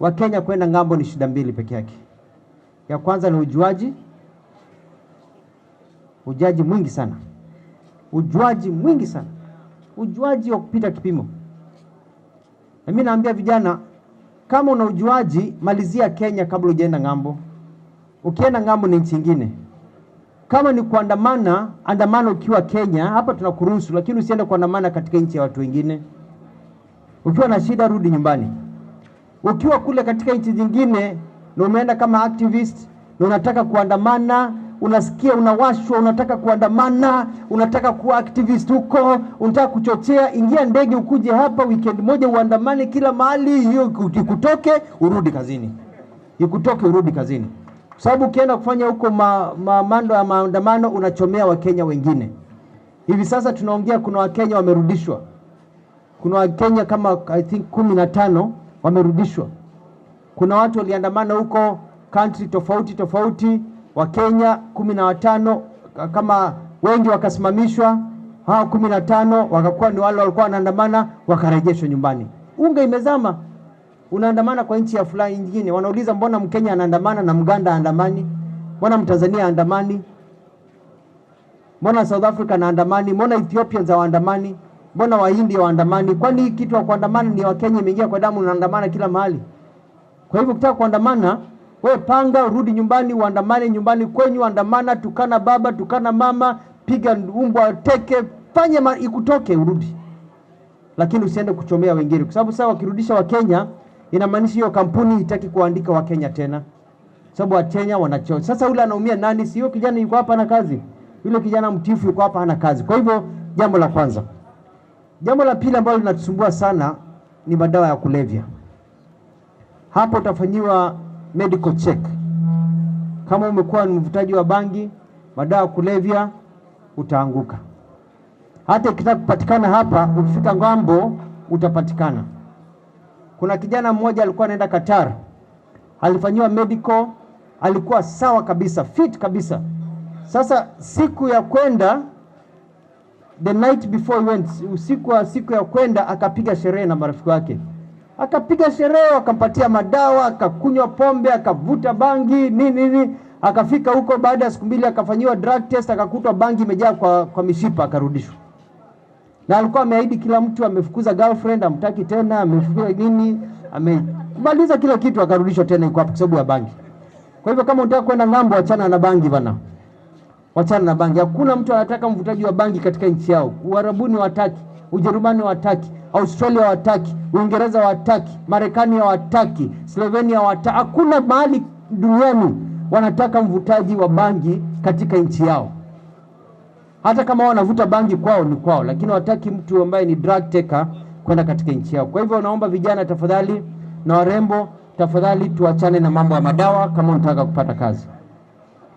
Wakenya kwenda ng'ambo ni shida mbili peke yake. Ya kwanza ni ujuaji, ujaji mwingi sana, ujuaji mwingi sana, ujuaji wa kupita kipimo. Na mimi naambia vijana, kama una ujuaji, malizia Kenya kabla hujaenda ng'ambo. Ukienda ng'ambo ni nchi nyingine. Kama ni kuandamana, andamana ukiwa Kenya, hapa tunakuruhusu, lakini usiende kuandamana katika nchi ya watu wengine. Ukiwa na shida, rudi nyumbani. Ukiwa kule katika nchi zingine na umeenda kama activist na unataka kuandamana, unasikia unawashwa, unataka kuandamana, unataka kuwa activist huko, unataka kuchochea, ingia ndege ukuje hapa weekend moja uandamane kila mahali, hiyo ikutoke urudi kazini, ikutoke urudi kazini, kwa sababu ukienda kufanya huko ma, ma, ya maandamano unachomea Wakenya wengine. Hivi sasa tunaongea, kuna Wakenya wamerudishwa, kuna Wakenya kama I think kumi na tano wamerudishwa. Kuna watu waliandamana huko country tofauti tofauti, Wakenya kumi na watano kama wengi wakasimamishwa, hao kumi na tano wakakuwa ni wale walikuwa wanaandamana wakarejeshwa nyumbani. Unga imezama, unaandamana kwa nchi ya fulani nyingine, wanauliza mbona Mkenya anaandamana na Mganda aandamani? Mbona Mtanzania aandamani? Mbona South Africa anaandamani? Mbona za waandamani? Mbona wahindi waandamani? Kwani hii kitu ya kuandamana ni Wakenya imeingia kwa damu, unaandamana kila mahali. Kwa hivyo ukitaka kuandamana, we panga, rudi nyumbani, uandamane nyumbani kwenyu, andamana, tukana baba, tukana mama, piga umbwa teke, fanya ikutoke, urudi, lakini usiende kuchomea wengine, kwa sababu sasa wakirudisha Wakenya inamaanisha hiyo kampuni itaki kuandika Wakenya tena, sababu Wakenya wanacho. Sasa yule anaumia nani? Si yule kijana yuko hapa na kazi, yule kijana mtifu yuko hapa hana kazi. Kwa hivyo jambo la kwanza Jambo la pili ambalo linatusumbua sana ni madawa ya kulevya. Hapo utafanyiwa medical check, kama umekuwa ni mvutaji wa bangi, madawa ya kulevya, utaanguka. Hata ikitaka kupatikana hapa, ukifika ng'ambo utapatikana. Kuna kijana mmoja alikuwa anaenda Qatar, alifanyiwa medical, alikuwa sawa kabisa, fit kabisa. Sasa siku ya kwenda the night before he went, usiku wa siku ya kwenda akapiga sherehe na marafiki wake, akapiga sherehe, akampatia madawa, akakunywa pombe, akavuta bangi nini nini. Akafika huko baada ya siku mbili akafanyiwa drug test, akakutwa bangi imejaa kwa, kwa mishipa, akarudishwa. Na alikuwa ameahidi kila mtu, amefukuza girlfriend, amtaki tena, amefukuza nini, amemaliza kila kitu, akarudishwa tena, kwa sababu ya bangi. Kwa hivyo kama unataka kwenda ng'ambo, achana na bangi bana wachana na bangi. Hakuna mtu anataka mvutaji wa bangi katika nchi yao. Uarabuni wataki, Ujerumani wataki, Australia wataki, Uingereza wataki, Marekani wataki, Slovenia wataki. Hakuna mahali duniani wanataka mvutaji wa bangi katika nchi yao. Hata kama wanavuta bangi kwao ni kwao, lakini wataki mtu ambaye ni drug taker kwenda katika nchi yao. Kwa hivyo naomba vijana tafadhali na warembo tafadhali, tuachane na mambo ya madawa kama unataka kupata kazi.